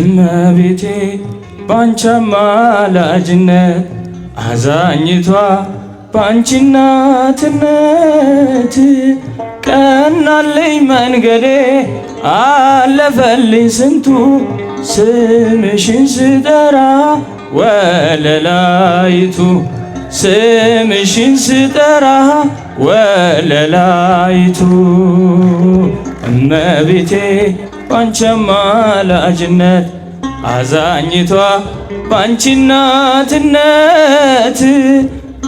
እመቤቴ ባንቺ አማላጅነት አዛኝቷ ባንቺ እናትነት ቀናልኝ መንገዴ አለፈልኝ ስንቱ ስምሽን ስጠራ ወለላይቱ ስምሽን ስጠራ ወለላይቱ እመቤቴ ባንቸማ ላጅነት አዛኝቷ ባንቺናትነት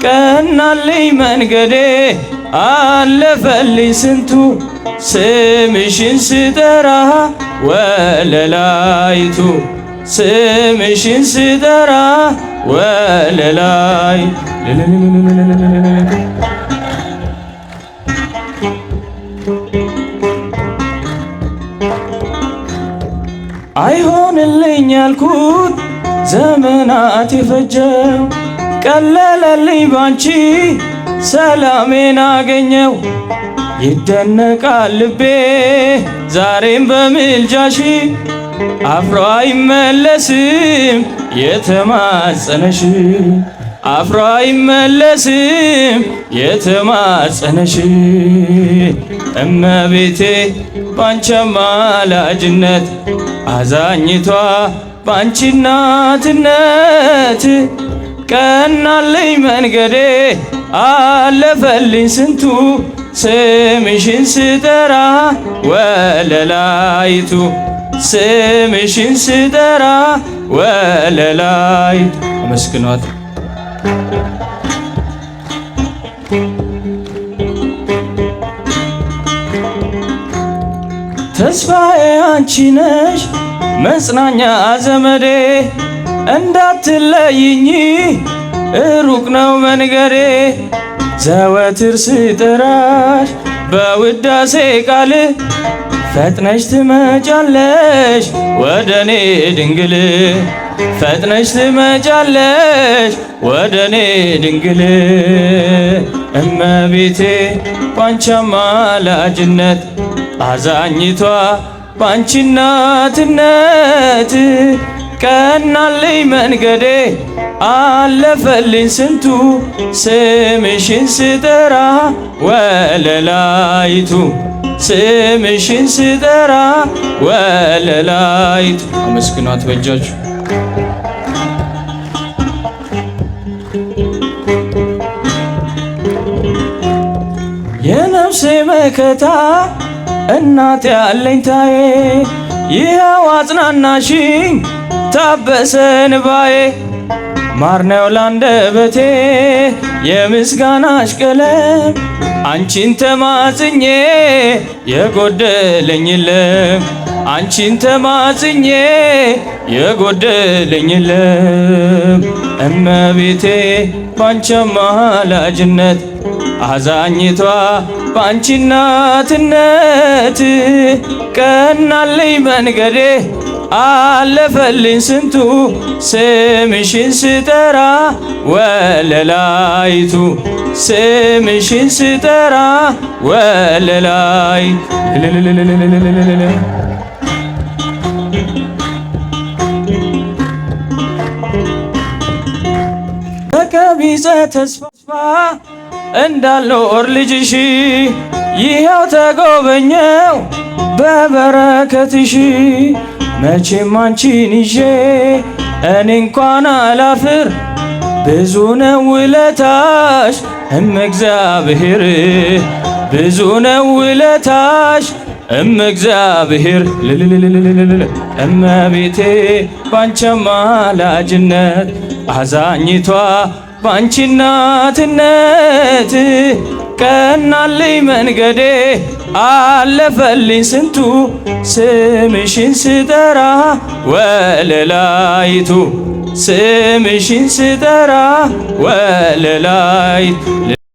ቀናልኝ መንገዴ አለፈልኝ ስንቱ ስምሽን ስጠራ ወለላይቱ ስምሽን ስጠራ ወለላይ አይሆንልኝ ያልኩት ዘመናት የፈጀ ቀለለልኝ ባንቺ ሰላሜን አገኘው። ይደነቃል ልቤ ዛሬም በምልጃሺ አፍሮ አይመለስም የተማጸነሽ አፍሮ አይመለስም የተማጸነሽ እመቤቴ ባንቺ አማላጅነት አዛኝቷ ባንቺ እናትነት ቀናለኝ መንገዴ አለፈልኝ ስንቱ ስምሽን ስጠራ ወለላይቱ ስምሽን ስጠራ ወለላይ አመስግኗት ተስፋዬ አንቺ ነሽ መጽናኛ ዘመዴ እንዳትለይኝ ሩቅ ነው መንገዴ ዘወትር ስጠራሽ በውዳሴ ቃል ፈጥነሽ ትመጫለሽ ወደ እኔ ድንግል ፈጥነሽ ትመጫለሽ ወደ እኔ ድንግል እመቤቴ ባንቺ አማላጅነት አዛኝቷ ባንቺ እናትነት ቀናልኝ መንገዴ አለፈልኝ ስንቱ ስምሽን ስጠራ ወለላይቱ ስምሽን ስጠራ ወለላይቱ አመስግኗት በእጃችሁ የነፍሴ መከታ እናት አለኝታዬ ይኸው አጽናናሽኝ ታበሰ እንባዬ ማርነው ላንደበቴ የምስጋናሽ ቀለም አንቺን ተማጽኜ የጎደለኝ የለም። አንቺን ተማጽኜ የጎደለኝ የለም እመቤቴ ባንቺ አማላጅነት አዛኝቷ ባንቺ እናትነት ቀናልኝ መንገዴ አለፈልኝ ስንቱ ስምሽን ስጠራ ወለላይቱ ስምሽን ስጠራ ወለላይ ቢጸ ተስፋ እንዳልኖር ልጅሽ ይኸው ተጎበኘው በበረከትሽ መቼም አንቺን ይዤ እኔ እንኳን አላፍር ብዙ ነው ውለታሽ እም እግዚአብሔር ብዙ ነው ውለታሽ እም እግዚአብሔር እመቤቴ ባንቸ ማላጅነት አዛኝቷ ባንቺ እናትነት ቀናልኝ መንገዴ አለፈልኝ ስንቱ ስምሽን ስጠራ ወለላይቱ ስምሽን ስጠራ ወለላይቱ